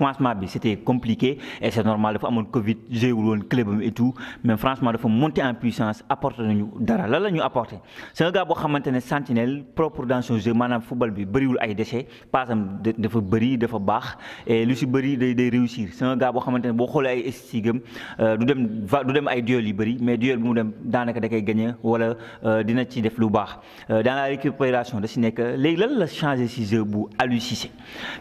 commencement bi c'était compliqué et c'est normal dafa amone Covid jéewul un club et tout mais franchement dafa monter en puissance apporter nañu dara la lañu apporter c'est un gars bo xamante ne sentinelle propre dans son jeu manam football bi bëriwul ay déchets pasam dafa bëri dafa bax et lu ci bëri day day réussir c'est un gars bo xamante bo xolé ay stigam euh, du dem du dem ay duel yu bëri mais duel bi mu dem danaka da kay gagner wala euh, dina ci def lu bax euh, dans la récupération da ci nek léegi lan la changer ci jeu bu Aliou Cissé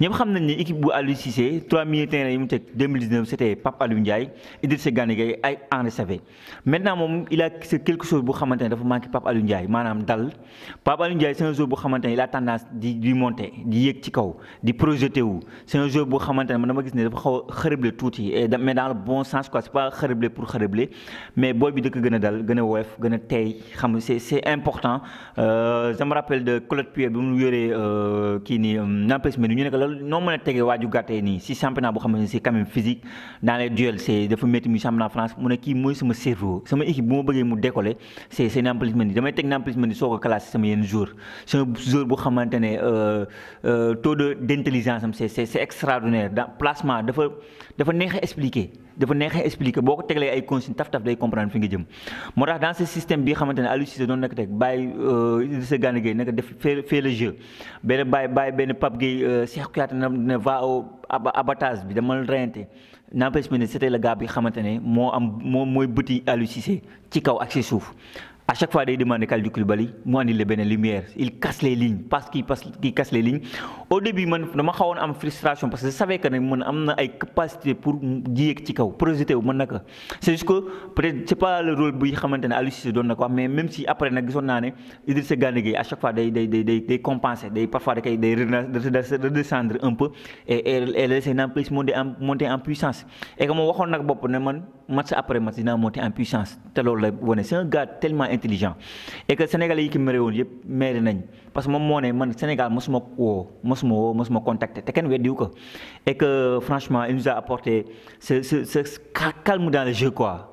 xamnañ ni équipe bu Aliou trois milieux terrain yi 2019 c'était était Pape Aliou Ndiaye Idrissa Gana ay Henri Saivet maintenant moom il a quelque chose bu xamante ne dafa manqué Pape Aliou Ndiaye maanaam dal Pape Aliou Ndiaye c' un joueur bu xamante il a tendance di di monter di yéeg ci kaw di projeté wu un joueur bu xamante ne man dama gis ne dafa xaw a xërëble mais dans le bon sens quoi c'est pas xërëble pour xërëble mais boy, bi dëkk gën dal gën a woyof Tay, c'est teey xam c' euh, je me rappelle de Claude Puel bi mu yoree euh, kii nii euh, Nampalys Mendy ñu ne ko loolu noo mën a tegee waaju championnat boo xamante ne c'est quand même physique dans les duels c'est dafa métti muy championnat France Mon équipe moi, c'est sama cerveau sama équipe bu ma bëggee mu décoller c'est c'est Nampalys Mendy damay teg Nampalys Mendy soo ko classé sama yenn c'est un joueur boo xamante ne euh, euh, taux de d'intelligence c'est c'est extraordinaire dans placement dafa dafa neex expliquer dafa neex a expliquer boo ko teglee ay consignes taf taf day comprendre fi nga jëm moo tax dans ce système bi xamante ne Aliou Cissé doon nekk teg bàyyi euh, Idrissa Gana Gueye nekk def fait le jeu benn bàyyi bàyyi benn Pape Gueye euh, Cheikh Kouyaté na ne va au abattage bi dama reyante n'empêche ne c'était le gars bi xamante ne moo am moo mooy bëti Aliou Cissé ci kaw ak si suuf À chaque fois, il demande Kalidou Koulibaly, moi, il est lumière. Il casse les lignes, parce qu'il qu casse les lignes. Au début, je me am frustration parce que je savais que j'avais une capacité pour dire pour projeté. C'est juste que ce n'est pas le rôle que je sais donne, mais même si après, je sais se Ganegui, à chaque fois, il compenser, parfois il redescendre un peu et, et, et laisser un monter en puissance. Et comme je l'ai dit, match après match a monté en puissance c'est un gars tellement intelligent et que Sénégalais qui me réunissent, ils yëpp le nañ parce que moi, moo Sénégal je woo mosuma woo contacter et que franchement il nous a apporté ce ce ce calme dans le jeu quoi.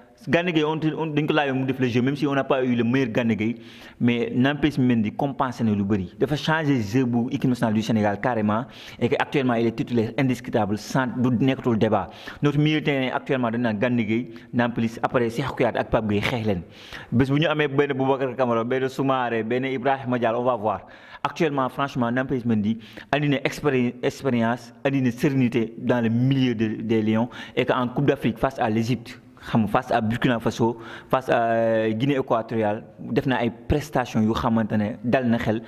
Gana on a ko mu le jeu même si on n'a pas eu le meilleur Gana mais mais mendi Mendy compensé le lu bëri dafa changer jeu bu jeu du Sénégal carrément et que actuellement il est titulaire indiscutable sans n'être débat notre milieu terrain actuellement dans naan après c'est Kouyaté et Pape Gueye xeex leen bés Boubacar Kamara Soumaré benn Ibrahim Dial on va voir actuellement franchement Nampalys Mendy a une expérience une sérénité dans le milieu des Lions et qu'en Coupe d'Afrique face à l'Égypte face à Burkina Faso face à euh, Guinée équatoriale y a des prestations qui sont très dal na xel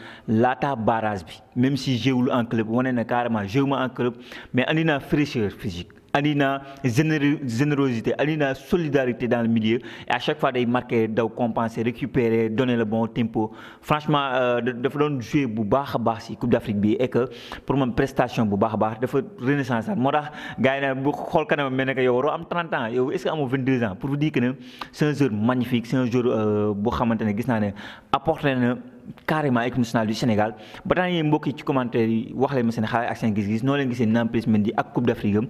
barrage même si je suis en club je suis carrément en club mais andi en fraîcheur physique. Alina générosité, Alina solidarité dans le milieu. Et à chaque fois, il marqué il compenser, récupérer, donner le bon tempo. Franchement, il euh, faut jouer beaucoup bas si Coupe d'Afrique et que pour mon prestation beaucoup bas, il faut renaissance. Moi, gars, beaucoup quand même, mais que 30 ans, est-ce que am 22 ans pour vous dire que c'est un jour magnifique, c'est un jour, euh, apporte carrément équipe nationale du Sénégal yi ci commentaire yi wax leen ma seen xalaat ak seen gis-gis noo leen gisee Nampalys Mendy ak Coupe d'Afrique am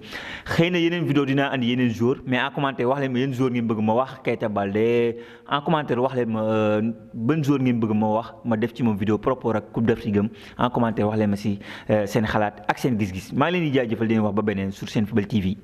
xëy na yeneen vidéo dinaa andi yeneen jour mais en commentaire wax leen ma yeneen jour ngeen bëgg ma wax Keita Baldé en commentaire wax ma euh, ban jour ngeen bëgg ma wax ma def ci moom vidéo par rapport ak Coupe d'Afrique en commentaire wax leen ma si euh, seen xalaat ak seen gis-gis maa ngi leen di jaajëfal leen wax ba beneen sur Senfootball TV